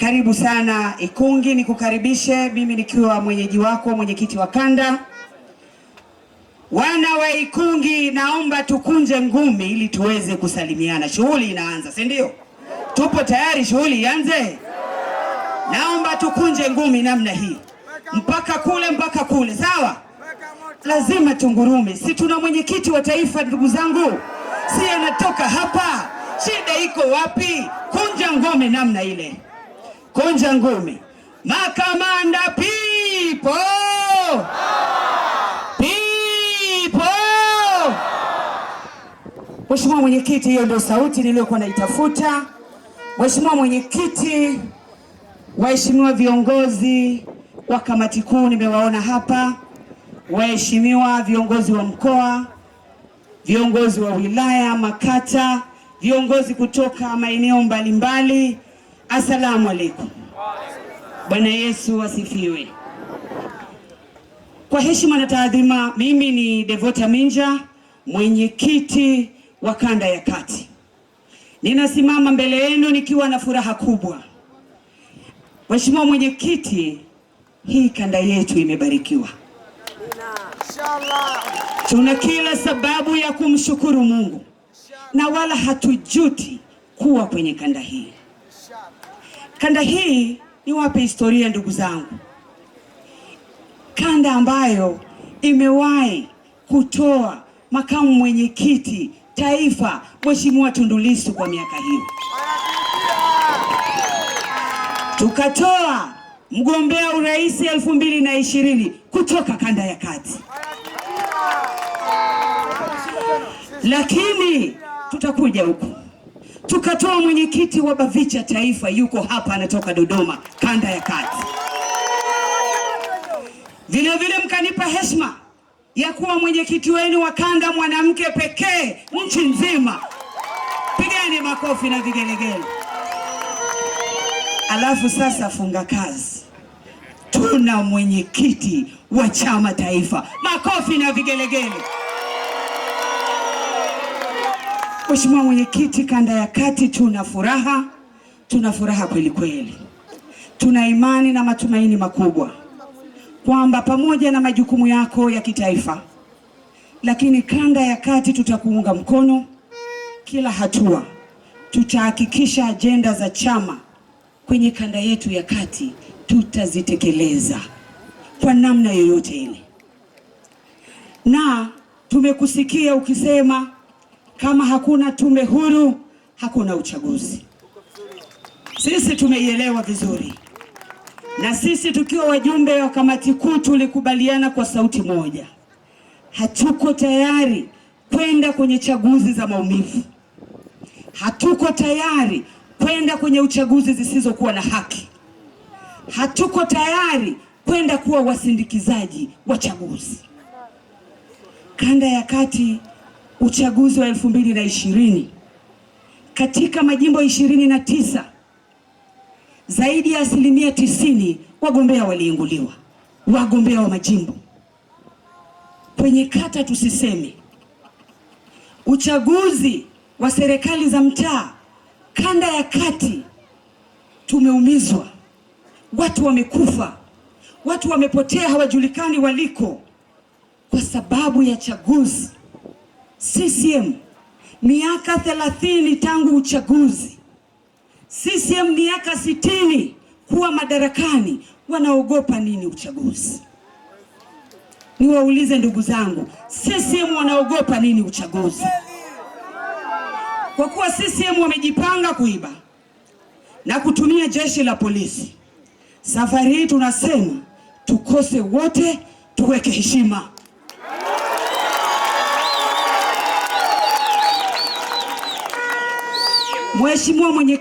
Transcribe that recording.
Karibu sana Ikungi, nikukaribishe mimi nikiwa mwenyeji wako, mwenyekiti wa kanda. Wana wa Ikungi, naomba tukunje ngumi ili tuweze kusalimiana. Shughuli inaanza, si ndio? Tupo tayari, shughuli ianze. Naomba tukunje ngumi namna hii, mpaka kule, mpaka kule, sawa? Lazima tungurume, si tuna mwenyekiti wa taifa, ndugu zangu, si anatoka hapa? Shida iko wapi? Kunja ngome namna ile konja ngumi. Makamanda pipo pipo. Mheshimiwa Mwenyekiti, hiyo ndio sauti niliyokuwa naitafuta. Mheshimiwa Mwenyekiti, waheshimiwa viongozi wa kamati kuu nimewaona hapa, waheshimiwa viongozi wa mkoa, viongozi wa wilaya, makata, viongozi kutoka maeneo mbalimbali, assalamu alaikum. Bwana Yesu asifiwe. Kwa heshima na taadhima, mimi ni Devota Minja, mwenyekiti wa kanda ya kati. Ninasimama mbele yenu nikiwa na furaha kubwa. Mheshimiwa mwenyekiti, hii kanda yetu imebarikiwa. Tuna kila sababu ya kumshukuru Mungu na wala hatujuti kuwa kwenye kanda hii. Kanda hii niwape historia ndugu zangu, kanda ambayo imewahi kutoa makamu mwenyekiti taifa Mheshimiwa Tundu Lissu kwa miaka hiyo, tukatoa mgombea urais elfu mbili na ishirini kutoka kanda ya kati, lakini tutakuja huku tukatoa mwenyekiti wa BAVICHA taifa, yuko hapa, anatoka Dodoma kanda ya kati. vile mkanipa heshima ya kuwa mwenyekiti wenu wa kanda mwanamke pekee nchi nzima. Pigeni makofi na vigelegele. Alafu sasa funga kazi, tuna mwenyekiti wa chama taifa. Makofi na vigelegele. Mheshimiwa Mwenyekiti, kanda ya kati, tuna furaha, tuna furaha kweli kweli. Tuna imani na matumaini makubwa kwamba pamoja na majukumu yako ya kitaifa, lakini kanda ya kati tutakuunga mkono kila hatua. Tutahakikisha ajenda za chama kwenye kanda yetu ya kati tutazitekeleza kwa namna yoyote ile, na tumekusikia ukisema kama hakuna tume huru, hakuna uchaguzi. Sisi tumeielewa vizuri, na sisi tukiwa wajumbe wa kamati kuu tulikubaliana kwa sauti moja, hatuko tayari kwenda kwenye chaguzi za maumivu, hatuko tayari kwenda kwenye uchaguzi zisizokuwa na haki, hatuko tayari kwenda kuwa wasindikizaji wa chaguzi. Kanda ya Kati uchaguzi wa elfu mbili na ishirini katika majimbo ishirini na tisa zaidi ya asilimia tisini wagombea waliinguliwa, wagombea wa majimbo kwenye kata. Tusiseme uchaguzi wa serikali za mtaa, kanda ya kati, tumeumizwa, watu wamekufa, watu wamepotea, hawajulikani waliko kwa sababu ya chaguzi CCM miaka 30 tangu uchaguzi, CCM miaka 60 kuwa madarakani, wanaogopa nini uchaguzi? Niwaulize ndugu zangu, CCM wanaogopa nini uchaguzi? Kwa kuwa CCM wamejipanga kuiba na kutumia jeshi la polisi, safari hii tunasema tukose wote, tuweke heshima. Mheshimiwa mwenye